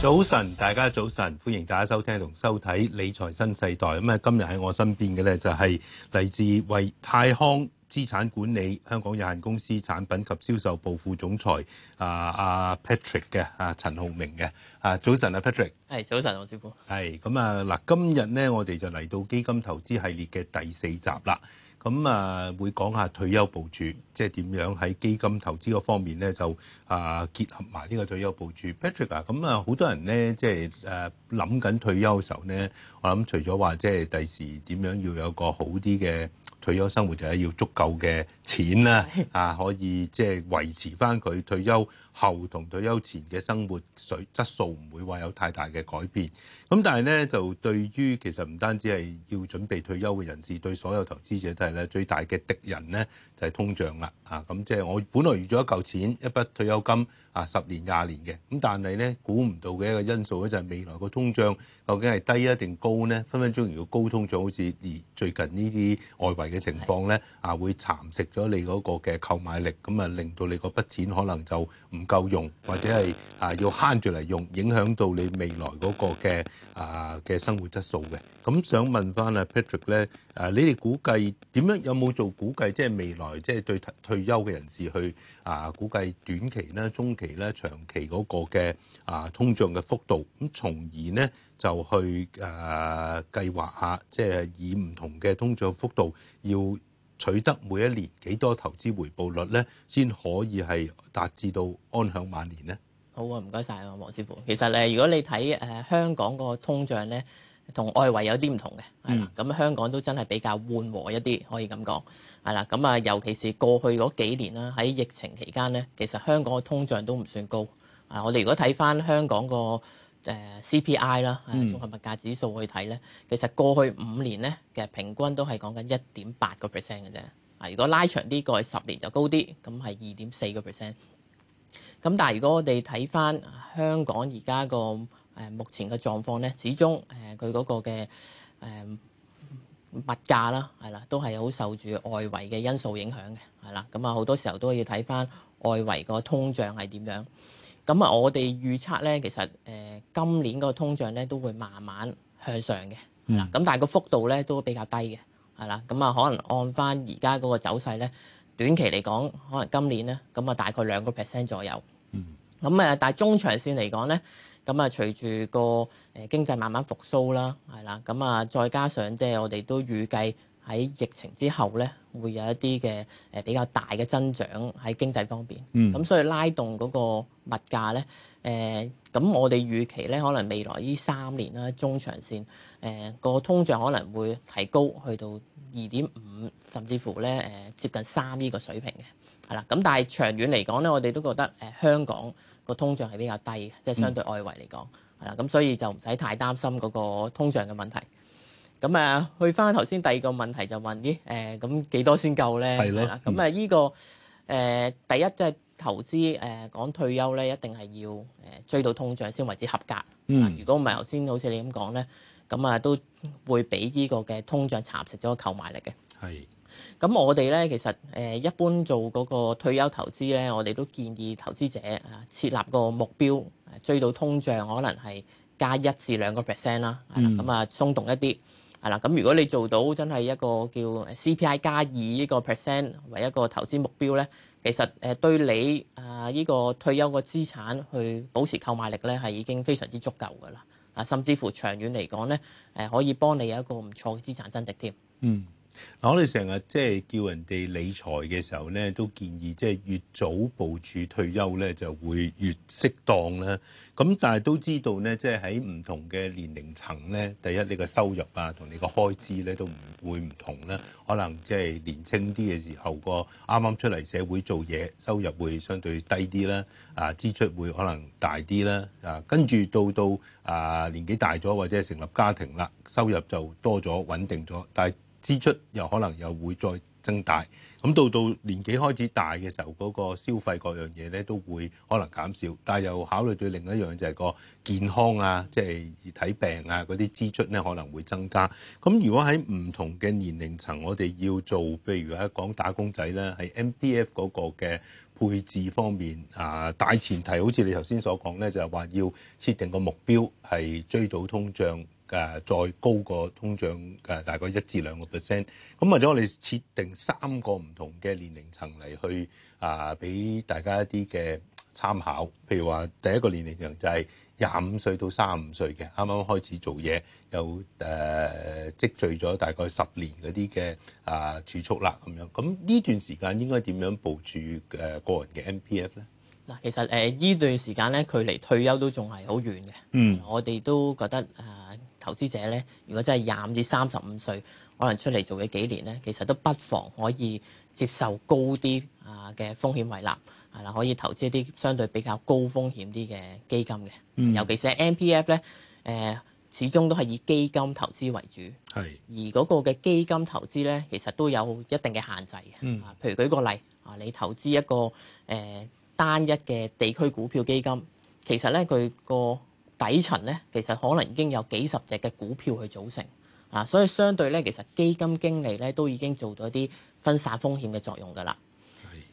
早晨，大家早晨，歡迎大家收聽同收睇《理財新世代》。咁啊，今日喺我身邊嘅呢，就係嚟自為泰康資產管理香港有限公司產品及銷售部副總裁啊，阿 Patrick 嘅啊，陳浩明嘅啊，早晨啊 Patrick，係早晨，黃師傅。係咁啊，嗱，今日呢，我哋就嚟到基金投資系列嘅第四集啦。咁啊，會講下退休部署，即係點樣喺基金投資嗰方面咧，就啊結合埋呢個退休部署。Patrick 啊，咁啊，好多人咧，即係誒諗緊退休嘅時候咧，我諗除咗話即係第時點樣要有個好啲嘅退休生活，就係要足夠嘅錢啦， 啊，可以即係維持翻佢退休後同退休前嘅生活水質素唔會話有太大嘅改變，咁但係呢，就對於其實唔單止係要準備退休嘅人士，對所有投資者都係咧最大嘅敵人呢，就係通脹啦，啊咁即係我本來預咗一嚿錢一筆退休金啊十年廿年嘅，咁但係呢，估唔到嘅一個因素咧就係未來個通脹究竟係低啊定高呢？分分鐘如果高通脹，好似而最近呢啲外圍嘅情況呢，啊會蠶食咗你嗰個嘅購買力，咁啊令到你嗰筆錢可能就唔～夠用或者係啊要慳住嚟用，影響到你未來嗰個嘅啊嘅生活質素嘅。咁想問翻阿 Patrick 咧，誒你哋估計點樣有冇做估計？即係未來即係對退休嘅人士去啊估計短期啦、中期啦、長期嗰個嘅啊通脹嘅幅度，咁從而咧就去誒計劃下，即係以唔同嘅通脹幅度要，取得每一年幾多投資回報率咧，先可以係達至到安享晚年咧。好啊，唔該晒啊，黃師傅。其實咧，如果你睇誒香港個通脹咧，同外圍有啲唔同嘅，咁、嗯、香港都真係比較緩和一啲，可以咁講。係啦，咁啊，尤其是過去嗰幾年啦，喺疫情期間咧，其實香港嘅通脹都唔算高。啊，我哋如果睇翻香港個誒 CPI 啦，綜合物價指數去睇咧，其實過去五年咧，其實平均都係講緊一點八個 percent 嘅啫。啊，如果拉長啲，過去十年就高啲，咁係二點四個 percent。咁但係如果我哋睇翻香港而家個誒目前嘅狀況咧，始終誒佢嗰個嘅誒、呃、物價啦，係啦，都係好受住外圍嘅因素影響嘅，係啦。咁啊好多時候都要睇翻外圍個通脹係點樣。咁啊，我哋預測咧，其實誒、呃、今年嗰個通脹咧都會慢慢向上嘅，嗱、mm，咁、hmm. 但係個幅度咧都比較低嘅，係啦，咁啊可能按翻而家嗰個走勢咧，短期嚟講可能今年咧，咁啊大概兩個 percent 左右，咁啊、mm hmm. 但係中長線嚟講咧，咁啊隨住個誒經濟慢慢復甦啦，係啦，咁啊再加上即係我哋都預計喺疫情之後咧。會有一啲嘅誒比較大嘅增長喺經濟方面，咁、嗯、所以拉動嗰個物價咧，誒、呃、咁我哋預期咧，可能未來呢三年啦，中長線誒、呃嗰個通脹可能會提高去到二點五，甚至乎咧誒、呃、接近三呢個水平嘅，係啦。咁但係長遠嚟講咧，我哋都覺得誒、呃、香港個通脹係比較低嘅，即係相對外圍嚟講，係啦、嗯。咁所以就唔使太擔心嗰個通脹嘅問題。咁啊，去翻頭先第二個問題就問啲，誒咁幾多先夠咧？係咧的。咁啊、嗯這個，呢個誒第一即係投資誒講退休咧，一定係要誒追到通脹先為之合格。嗯。如果唔係頭先好似你咁講咧，咁啊都會俾呢個嘅通脹蠶食咗個購買力嘅。係的。咁我哋咧其實誒一般做嗰個退休投資咧，我哋都建議投資者啊設立個目標追到通脹，可能係加一至兩個 percent 啦。嗯,嗯。 咁啊鬆動一啲。係啦，咁如果你做到真係一個叫 CPI 加二呢個 percent 為一個投資目標咧，其實誒對你啊呢個退休個資產去保持購買力咧係已經非常之足夠㗎啦，啊甚至乎長遠嚟講咧誒可以幫你有一個唔錯嘅資產增值添。嗯。嗱，我哋成日即係叫人哋理財嘅時候咧，都建議即係越早部署退休咧，就會越適當啦。咁但係都知道咧，即係喺唔同嘅年齡層咧，第一你個收入啊同你個開支咧都唔會唔同啦。可能即係年青啲嘅時候個啱啱出嚟社會做嘢，收入會相對低啲啦，啊支出會可能大啲啦。啊跟住到到啊年紀大咗或者成立家庭啦，收入就多咗穩定咗，但係，支出又可能又會再增大，咁到到年紀開始大嘅時候，嗰個消費各樣嘢咧都會可能減少，但係又考慮到另一樣就係個健康啊，即係係睇病啊嗰啲支出咧可能會增加。咁如果喺唔同嘅年齡層我哋要做，譬如喺講打工仔咧，喺 MPF 嗰個嘅配置方面啊，大前提好似你頭先所講咧，就係話要設定個目標，係追到通脹。誒再高過通脹誒大概一至兩個 percent，咁或者我哋設定三個唔同嘅年齡層嚟去啊俾大家一啲嘅參考，譬如話第一個年齡層就係廿五歲到三十五歲嘅，啱啱開始做嘢，有誒、啊、積聚咗大概十年嗰啲嘅啊儲蓄啦咁樣，咁呢段時間應該點樣部署誒個人嘅 MPF 咧？嗱，其實誒呢、呃、段時間咧距離退休都仲係好遠嘅，嗯，我哋都覺得啊。呃投資者咧，如果真係廿五至三十五歲，可能出嚟做嘅幾年咧，其實都不妨可以接受高啲啊嘅風險為立，係啦，可以投資一啲相對比較高風險啲嘅基金嘅。嗯、尤其是 MPF 咧、呃，誒始終都係以基金投資為主，係是而嗰個嘅基金投資咧，其實都有一定嘅限制嘅。嗯、啊，譬如舉個例啊，你投資一個誒、呃、單一嘅地區股票基金，其實咧佢個底層咧，其實可能已經有幾十隻嘅股票去組成啊，所以相對咧，其實基金經理咧都已經做到啲分散風險嘅作用㗎啦。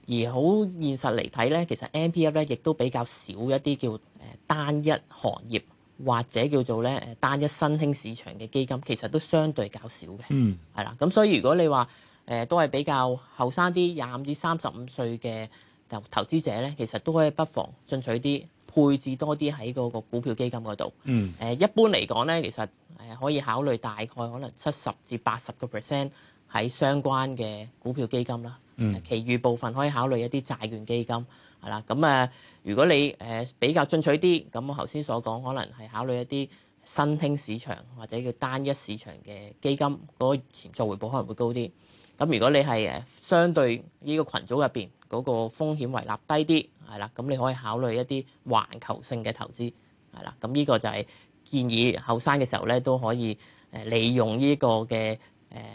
而好現實嚟睇咧，其實 MPF 咧亦都比較少一啲叫誒單一行業或者叫做咧誒單一新興市場嘅基金，其實都相對較少嘅。嗯，係啦，咁所以如果你話誒、呃、都係比較後生啲廿五至三十五歲嘅投投資者咧，其實都可以不妨進取啲。配置多啲喺嗰個股票基金嗰度誒，一般嚟講咧，其實誒、呃、可以考慮大概可能七十至八十個 percent 喺相關嘅股票基金啦。嗯、其餘部分可以考慮一啲債券基金係啦。咁啊、呃，如果你誒、呃、比較進取啲，咁我頭先所講可能係考慮一啲新興市場或者叫單一市場嘅基金嗰、嗰個潛在回報可能會高啲。咁如果你係誒相對呢個羣組入邊嗰個風險胃納低啲，係啦，咁你可以考慮一啲環球性嘅投資，係啦，咁呢個就係建議後生嘅時候咧都可以誒利用呢個嘅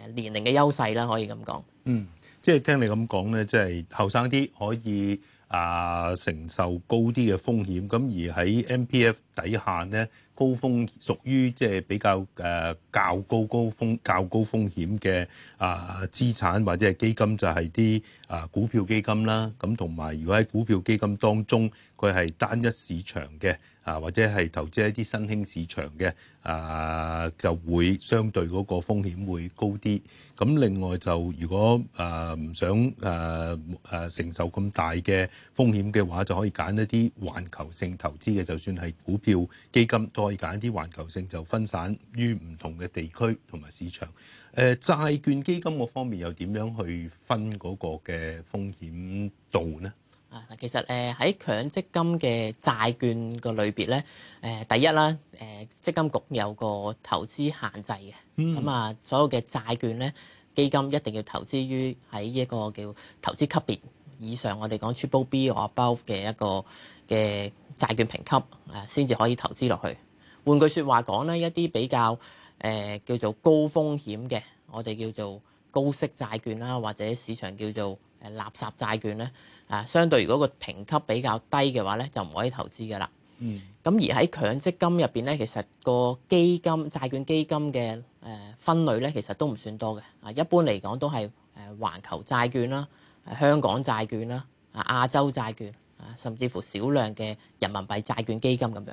誒年齡嘅優勢啦，可以咁講。嗯，即係聽你咁講咧，即係後生啲可以啊承受高啲嘅風險，咁而喺 MPF 底下咧。高風屬於即係比較誒較高高風較高風險嘅啊資產或者係基金就係啲啊股票基金啦，咁同埋如果喺股票基金當中佢係單一市場嘅啊，或者係投資一啲新興市場嘅啊，就會相對嗰個風險會高啲。咁另外就如果誒唔想誒誒承受咁大嘅風險嘅話，就可以揀一啲環球性投資嘅，就算係股票基金都。你揀啲環球性就分散於唔同嘅地區同埋市場。誒、呃、債券基金個方面又點樣去分嗰個嘅風險度呢？啊，其實誒喺強積金嘅債券個類別咧，誒、呃、第一啦，誒、啊、積金局有個投資限制嘅，咁啊、嗯，所有嘅債券咧基金一定要投資於喺一個叫投資級別以上，我哋講 Triple B or Above 嘅一個嘅債券評級啊，先至可以投資落去。換句説話講咧，一啲比較誒、呃、叫做高風險嘅，我哋叫做高息債券啦，或者市場叫做誒垃圾債券咧，啊，相對如果個評級比較低嘅話咧，就唔可以投資㗎啦。嗯，咁而喺強積金入邊咧，其實個基金債券基金嘅誒分類咧，其實都唔算多嘅。啊，一般嚟講都係誒環球債券啦、香港債券啦、亞洲債券啊，甚至乎少量嘅人民幣債券基金咁樣。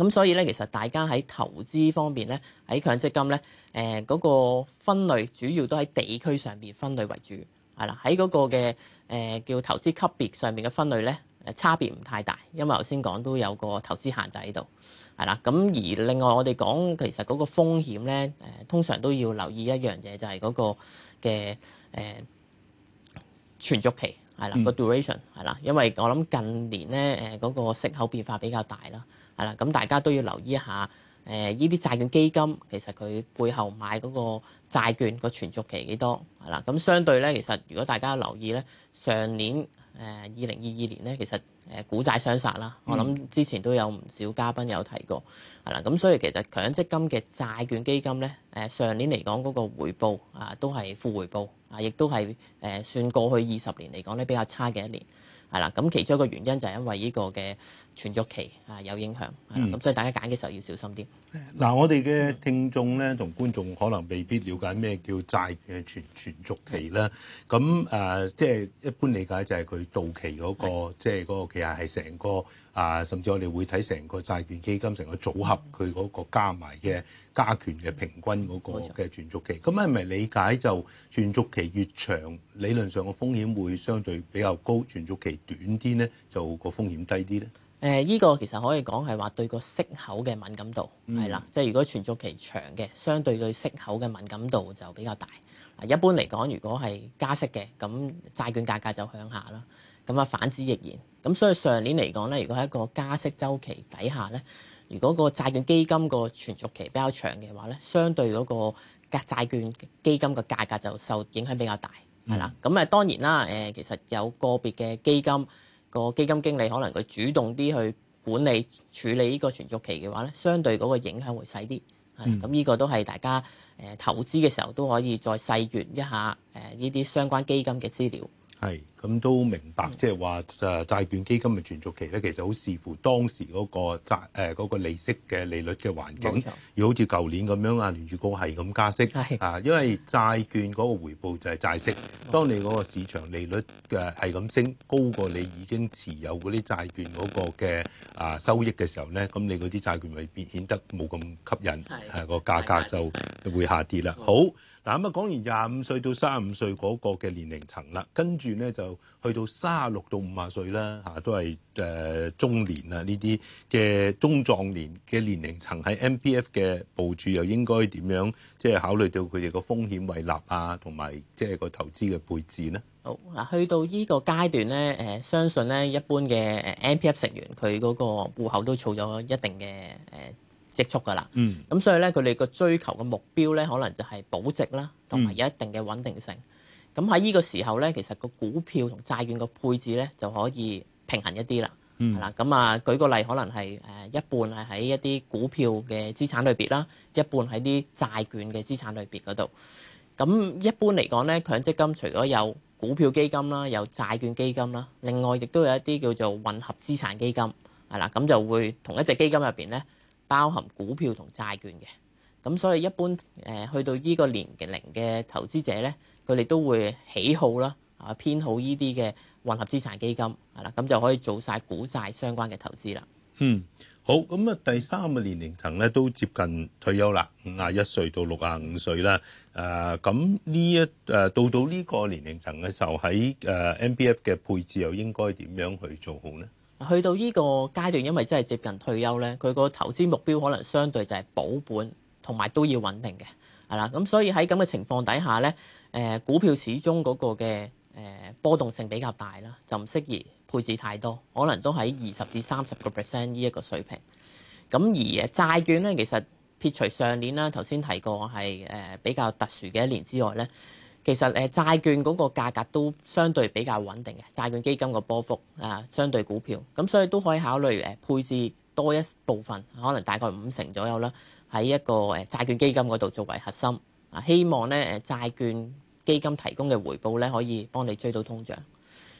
咁所以咧，其實大家喺投資方面咧，喺強積金咧，誒、呃、嗰、那個分類主要都喺地區上面分類為主，係啦。喺嗰個嘅誒、呃、叫投資級別上面嘅分類咧，誒差別唔太大，因為頭先講都有個投資限制喺度，係啦。咁而另外我哋講其實嗰個風險咧，誒、呃、通常都要留意一樣嘢，就係、是、嗰個嘅誒、呃、存續期係啦，個 duration 係啦，嗯、因為我諗近年咧誒嗰個息口變化比較大啦。係啦，咁大家都要留意一下，誒、呃，呢啲債券基金其實佢背後買嗰個債券個存續期幾多？係啦，咁相對咧，其實如果大家留意咧，上年誒二零二二年咧，其實誒股債相殺啦。我諗之前都有唔少嘉賓有提過，係啦，咁所以其實強積金嘅債券基金咧，誒、呃、上年嚟講嗰個回報啊，都係負回報啊，亦都係誒算過去二十年嚟講咧比較差嘅一年。係啦，咁其中一個原因就係因為呢個嘅存續期啊有影響，咁、嗯、所以大家揀嘅時候要小心啲。嗱、嗯，嗯、我哋嘅聽眾咧同觀眾可能未必了解咩叫債嘅存存續期啦，咁誒的、呃、即係一般理解就係佢到期嗰個即係嗰個其實係成個。的啊，甚至我哋會睇成個債券基金成個組合，佢嗰個加埋嘅加權嘅平均嗰個嘅存續期，咁係咪理解就存續期越長，理論上嘅風險會相對比較高；存續期短啲呢，就個風險低啲呢？誒、呃，依、呢個其實可以講係話對個息口嘅敏感度係啦、嗯，即係如果存續期長嘅，相對對息口嘅敏感度就比較大。啊，一般嚟講，如果係加息嘅，咁債券價格就向下啦。咁啊，反之亦然。咁所以上年嚟講，咧，如果喺一個加息周期底下咧，如果個債券基金個存續期比較長嘅話，咧，相對嗰個債券基金嘅價格就受影響比較大，係、嗯、啦。咁啊，當然啦，誒、呃、其實有個別嘅基金個基金經理可能佢主動啲去管理處理呢個存續期嘅話，咧，相對嗰個影響會細啲。係，咁呢個都係大家誒、呃、投資嘅時候都可以再細閱一下誒呢啲相關基金嘅資料。係，咁都明白，即係話債券基金嘅存續期咧，其實好視乎當時嗰、那個債誒、呃那個、利息嘅利率嘅環境。要錯好似舊年咁樣啊，聯儲局係咁加息，是啊，因為債券嗰個回報就係債息。是當你嗰個市場利率嘅係咁升高過你已經持有嗰啲債券嗰個嘅啊收益嘅時候咧，咁你嗰啲債券咪變顯得冇咁吸引，係是、啊那個價格就會下跌啦。是好。好嗱咁啊，講完廿五歲到三十五歲嗰個嘅年齡層啦，跟住咧就去到三十六到五啊歲啦，嚇都係誒、呃、中年啊呢啲嘅中壯年嘅年齡層喺 M P F 嘅部署又應該點樣即係考慮到佢哋個風險胃納啊，同埋即係個投資嘅配置咧？好嗱，去到呢個階段咧，誒、呃、相信咧一般嘅誒 M P F 成員佢嗰個戶口都儲咗一定嘅誒。呃積蓄噶啦，咁、嗯、所以咧，佢哋個追求嘅目標咧，可能就係保值啦，同埋有一定嘅穩定性。咁喺呢個時候咧，其實個股票同債券個配置咧就可以平衡一啲啦。係啦、嗯，咁啊，舉個例，可能係誒一半係喺一啲股票嘅資產類別啦，一半喺啲債券嘅資產類別嗰度。咁一般嚟講咧，強積金除咗有股票基金啦，有債券基金啦，另外亦都有一啲叫做混合資產基金係啦，咁就會同一隻基金入邊咧。包含股票同債券嘅，咁所以一般誒去到呢個年齡嘅投資者咧，佢哋都會喜好啦，啊偏好呢啲嘅混合資產基金，係啦，咁就可以做曬股債相關嘅投資啦。嗯，好，咁啊第三個年齡層咧都接近退休啦，五十一歲到六十五歲啦，誒咁呢一誒到到呢個年齡層嘅時候喺誒 MPF 嘅配置又應該點樣去做好咧？去到呢個階段，因為真係接近退休咧，佢個投資目標可能相對就係保本，同埋都要穩定嘅，係啦。咁所以喺咁嘅情況底下咧，誒股票始終嗰個嘅誒波動性比較大啦，就唔適宜配置太多，可能都喺二十至三十個 percent 呢一個水平。咁而債券咧，其實撇除上年啦，頭先提過係誒比較特殊嘅一年之外咧。其實誒債券嗰個價格都相對比較穩定嘅，債券基金個波幅啊，相對股票，咁所以都可以考慮誒配置多一部分，可能大概五成左右啦，喺一個誒債券基金嗰度作為核心啊，希望咧誒債券基金提供嘅回報咧可以幫你追到通脹，咁、啊、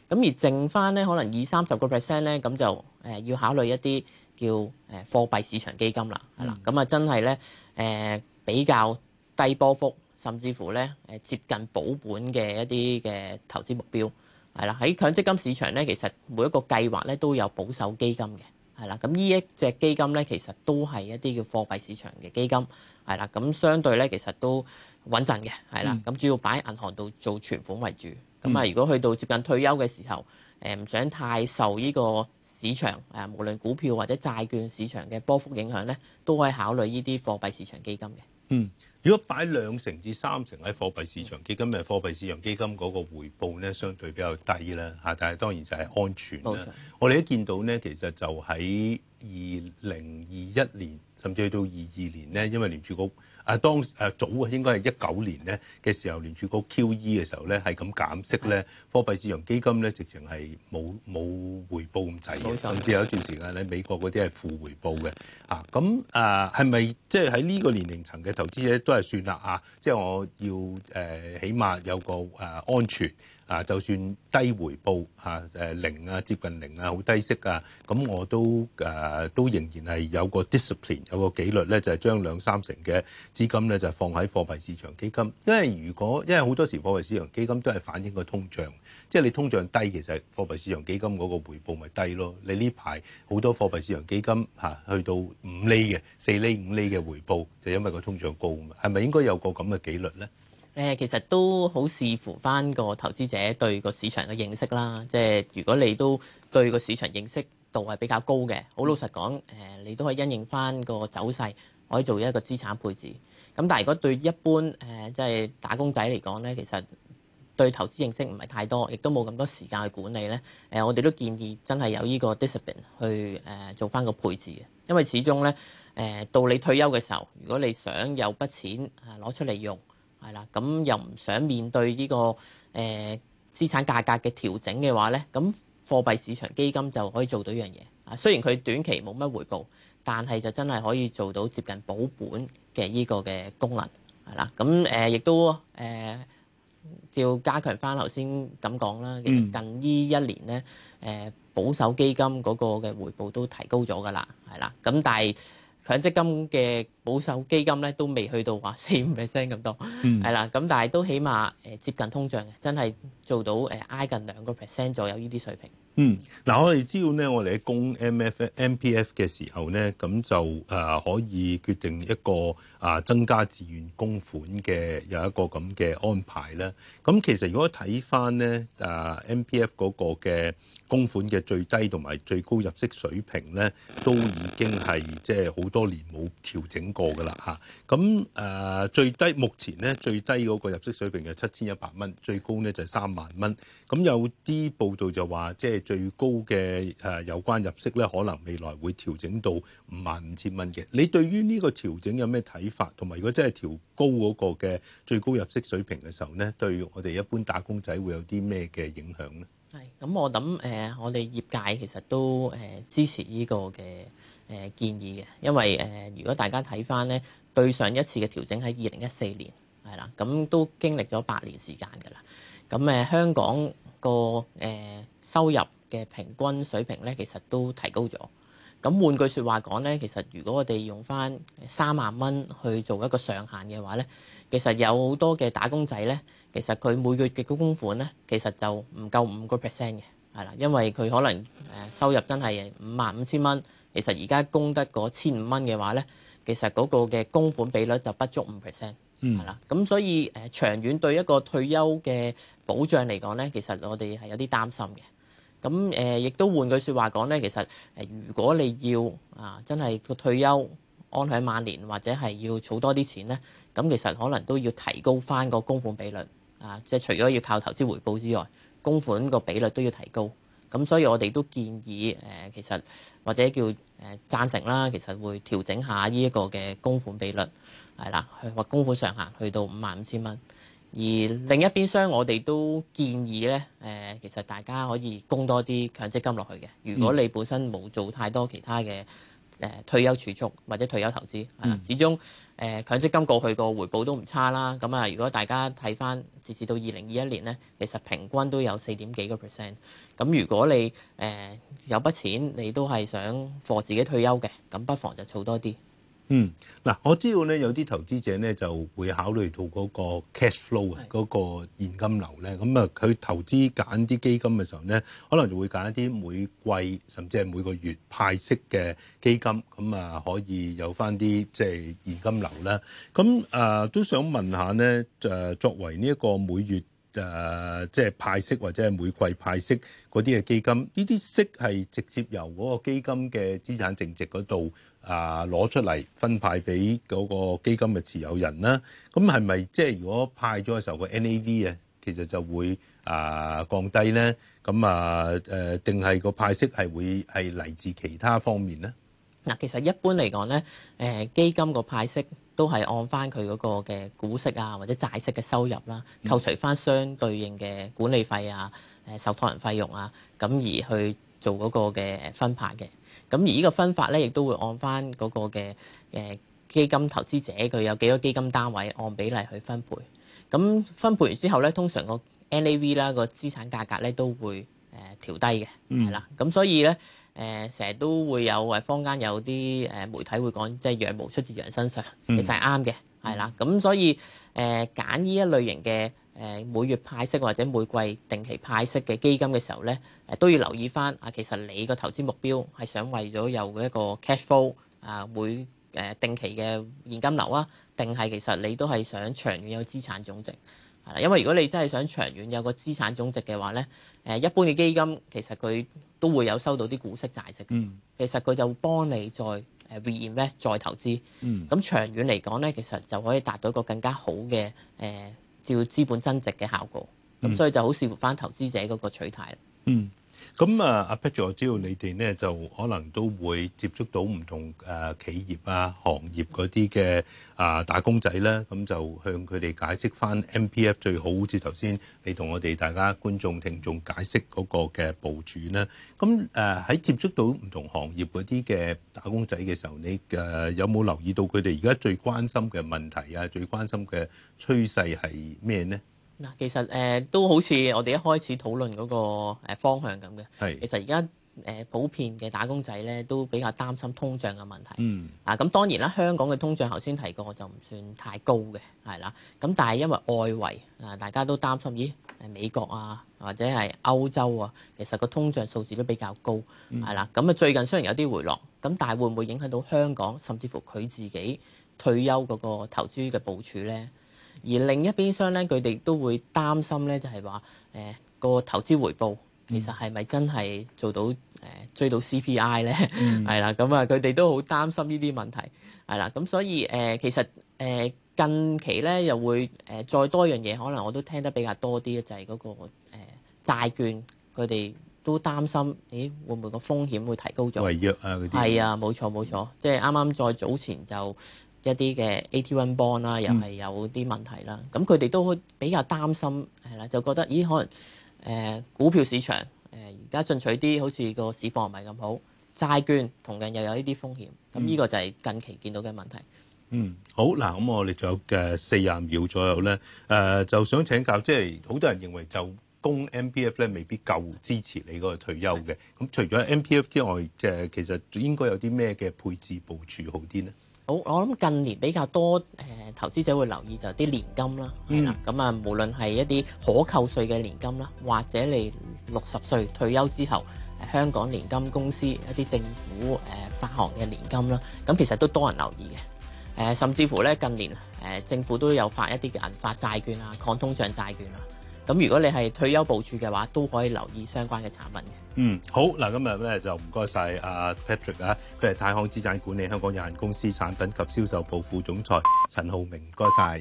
而剩返咧可能二三十個 percent 咧，咁就誒要考慮一啲叫誒貨幣市場基金、嗯、啦，係啦，咁啊真係咧誒比較低波幅。甚至乎咧，誒接近保本嘅一啲嘅投資目標係啦。喺強積金市場咧，其實每一個計劃咧都有保守基金嘅係啦。咁呢一隻基金咧，其實都係一啲叫貨幣市場嘅基金係啦。咁相對咧，其實都穩陣嘅係啦。咁主要擺喺銀行度做存款為主。咁啊，如果去到接近退休嘅時候，誒唔想太受呢個市場誒，無論股票或者債券市場嘅波幅影響咧，都可以考慮呢啲貨幣市場基金嘅。嗯，如果擺兩成至三成喺貨幣市場基金，誒貨幣市場基金嗰個回報呢，相對比較低啦嚇，但係當然就係安全啦。冇錯。我哋一見到呢，其實就喺二零二一年。甚至去到二二年咧，因為聯儲局啊，當啊早啊應該係一九年咧嘅時候，聯儲局 QE 嘅時候咧，係咁減息咧，貨幣的市場基金咧直情係冇冇回報咁滯嘅，的甚至有一段時間咧，美國嗰啲係負回報嘅。啊，咁啊係咪即係喺呢個年齡層嘅投資者都係算啦啊？即係我要誒，起碼有個誒安全。啊，就算低回報嚇誒零啊，接近零啊，好低息啊，咁我都誒、啊、都仍然係有個 discipline，有個紀律咧，就係將兩三成嘅資金咧就放喺貨幣市場基金，因為如果因為好多時貨幣市場基金都係反映個通脹，即係你通脹低，其實貨幣市場基金嗰個回報咪低咯。你呢排好多貨幣市場基金嚇、啊、去到五厘嘅四厘五厘嘅回報，就因為個通脹高啊嘛，係咪應該有個咁嘅紀律咧？誒，其實都好視乎翻個投資者對個市場嘅認識啦。即係如果你都對個市場認識度係比較高嘅，好老實講，誒，你都可以因應翻個走勢，可以做一個資產配置。咁但係如果對一般誒即係打工仔嚟講咧，其實對投資認識唔係太多，亦都冇咁多時間去管理咧。誒，我哋都建議真係有呢個 discipline 去誒做翻個配置嘅，因為始終咧誒到你退休嘅時候，如果你想有筆錢啊攞出嚟用。係啦，咁又唔想面對呢、這個誒、呃、資產價格嘅調整嘅話咧，咁貨幣市場基金就可以做到一樣嘢。啊，雖然佢短期冇乜回報，但係就真係可以做到接近保本嘅呢個嘅功能係啦。咁誒，亦、嗯、都誒，要、呃、加強翻頭先咁講啦。近呢一年咧，誒、呃、保守基金嗰個嘅回報都提高咗㗎啦，係啦。咁但係強積金嘅保守基金咧都未去到話四五 percent 咁多，係啦，咁 但係都起碼誒、呃、接近通脹嘅，真係做到誒挨、呃、近兩個 percent 左右呢啲水平。嗯，嗱，我哋知道咧，我哋喺供 M F M P F 嘅時候咧，咁就誒可以決定一個啊增加自願供款嘅有一個咁嘅安排啦。咁其實如果睇翻咧誒 M P F 嗰個嘅供款嘅最低同埋最高入息水平咧，都已經係即係好多年冇調整過噶啦嚇。咁誒最低目前咧最低嗰個入息水平就七千一百蚊，最高咧就係三萬蚊。咁有啲報道就話即係。最高嘅誒有關入息咧，可能未來會調整到五萬五千蚊嘅。你對於呢個調整有咩睇法？同埋，如果真係調高嗰個嘅最高入息水平嘅時候咧，對我哋一般打工仔會有啲咩嘅影響咧？係咁、嗯，我諗誒、呃，我哋業界其實都誒、呃、支持呢個嘅誒、呃、建議嘅，因為誒、呃，如果大家睇翻咧，對上一次嘅調整喺二零一四年係啦，咁、嗯、都經歷咗八年時間㗎啦。咁、嗯、誒、呃，香港個誒。呃收入嘅平均水平咧，其實都提高咗。咁換句説話講咧，其實如果我哋用翻三萬蚊去做一個上限嘅話咧，其實有好多嘅打工仔咧，其實佢每個月嘅供款咧，其實就唔夠五個 percent 嘅係喇，因為佢可能誒收入真係五萬五千蚊，其實而家供得嗰千五蚊嘅話咧，其實嗰個嘅供款比率就不足五 percent。係啦，咁、嗯、所以誒長遠對一個退休嘅保障嚟講咧，其實我哋係有啲擔心嘅。咁誒亦都換句説話講咧，其實誒如果你要啊真係個退休安享晚年，或者係要儲多啲錢咧，咁其實可能都要提高翻個供款比率啊！即係除咗要靠投資回報之外，供款個比率都要提高。咁所以我哋都建議誒、啊、其實或者叫誒、啊、贊成啦，其實會調整下呢一個嘅供款比率。係啦，或供款上限去到五萬五千蚊。而另一邊廂，我哋都建議咧，誒、呃，其實大家可以供多啲強積金落去嘅。如果你本身冇做太多其他嘅誒、呃、退休儲蓄或者退休投資，係、啊、啦，始終誒、呃、強積金過去個回報都唔差啦。咁啊，如果大家睇返截至到二零二一年咧，其實平均都有四點幾個 percent。咁、啊、如果你誒、呃、有筆錢，你都係想貨自己退休嘅，咁不妨就儲多啲。嗯，嗱，我知道咧，有啲投資者咧就會考慮到嗰個 cash flow 啊是，嗰個現金流咧，咁啊，佢投資揀啲基金嘅時候咧，可能就會揀一啲每季甚至係每個月派息嘅基金，咁啊，可以有返啲即係現金流啦。咁啊、呃，都想問下咧，誒，作為呢一個每月誒，即、呃、係、就是、派息或者係每季派息嗰啲嘅基金，呢啲息係直接由嗰個基金嘅資產淨值嗰度？啊！攞出嚟分派俾嗰個基金嘅持有人啦，咁係咪即係如果派咗嘅時候個 NAV 啊，其實就會啊降低咧？咁啊誒，定係個派息係會係嚟自其他方面咧？嗱，其實一般嚟講咧，誒基金個派息都係按翻佢嗰個嘅股息啊，或者債息嘅收入啦，扣除翻相對應嘅管理費啊、誒受託人費用啊，咁而去做嗰個嘅分派嘅。咁而呢個分法咧，亦都會按翻嗰個嘅誒基金投資者佢有幾多基金單位，按比例去分配。咁分配完之後咧，通常個 NAV 啦，個資產價格咧都會誒調低嘅，係啦。咁所以咧誒成日都會有誒坊間有啲誒媒體會講，即係羊毛出自羊身上，其實係啱嘅，係啦。咁所以誒揀呢一類型嘅。誒每月派息或者每季定期派息嘅基金嘅時候咧，誒都要留意返啊。其實你個投資目標係想為咗有一個 cash flow 啊，每誒定期嘅現金流啊，定係其實你都係想長遠有資產增值係啦。因為如果你真係想長遠有個資產增值嘅話咧，誒一般嘅基金其實佢都會有收到啲股息債息嘅，其實佢就幫你再誒 reinvest 再投資，咁長遠嚟講咧，其實就可以達到一個更加好嘅誒。呃照資本增值嘅效果，咁、嗯、所以就好視乎返投資者嗰個取態啦。嗯。咁啊，阿 Pat 我知道你哋咧就可能都會接觸到唔同誒企業啊、行業嗰啲嘅啊打工仔咧，咁就向佢哋解釋返 MPF 最好。好似頭先你同我哋大家觀眾聽眾解釋嗰個嘅部署咧，咁誒喺接觸到唔同行業嗰啲嘅打工仔嘅時候，你誒、啊、有冇留意到佢哋而家最關心嘅問題啊、最關心嘅趨勢係咩咧？嗱，其實誒、呃、都好似我哋一開始討論嗰個方向咁嘅。係的，其實而家誒普遍嘅打工仔咧都比較擔心通脹嘅問題。嗯。啊，咁當然啦，香港嘅通脹頭先提過就唔算太高嘅，係啦。咁但係因為外圍啊，大家都擔心咦，誒美國啊或者係歐洲啊，其實個通脹數字都比較高，係啦。咁啊、嗯，最近雖然有啲回落，咁但係會唔會影響到香港甚至乎佢自己退休嗰個投資嘅部署咧？而另一邊廂咧，佢哋都會擔心咧，就係話誒個投資回報其實係咪真係做到誒、呃、追到 CPI 咧？係啦、嗯，咁啊， 佢哋都好擔心呢啲問題係啦。咁所以誒、呃，其實誒、呃、近期咧又會誒、呃、再多一樣嘢，可能我都聽得比較多啲嘅，就係、是、嗰、那個誒、呃、債券，佢哋都擔心咦會唔會個風險會提高咗？違約啊嗰啲係啊，冇錯冇錯，即係啱啱再早前就。一啲嘅 AT1 bond 啦，又係有啲問題啦。咁佢哋都比較擔心，係啦，就覺得咦，可能誒股票市場誒而家進取啲，好似個市況唔係咁好，債券同樣又有呢啲風險。咁呢個就係近期見到嘅問題。嗯，好嗱，咁我哋仲有嘅四十秒左右咧，誒、呃、就想請教，即係好多人認為就供 M P F 咧未必夠支持你個退休嘅。咁的除咗 M P F 之外，即係其實應該有啲咩嘅配置部署好啲呢？好，我諗近年比較多誒、呃、投資者會留意就啲年金啦，咁啊、嗯、無論係一啲可扣稅嘅年金啦，或者你六十歲退休之後、呃，香港年金公司一啲政府誒、呃、發行嘅年金啦，咁、呃、其實都多人留意嘅，誒、呃、甚至乎咧近年誒、呃、政府都有發一啲嘅銀發債券啊、抗通脹債券啊。如果你係退休部署嘅話，都可以留意相關嘅產品。嗯，好嗱，今日咧就唔該曬 Patrick 啊，佢係泰康資產管理香港有限公司產品及銷售部副總裁陳浩明，唔該曬。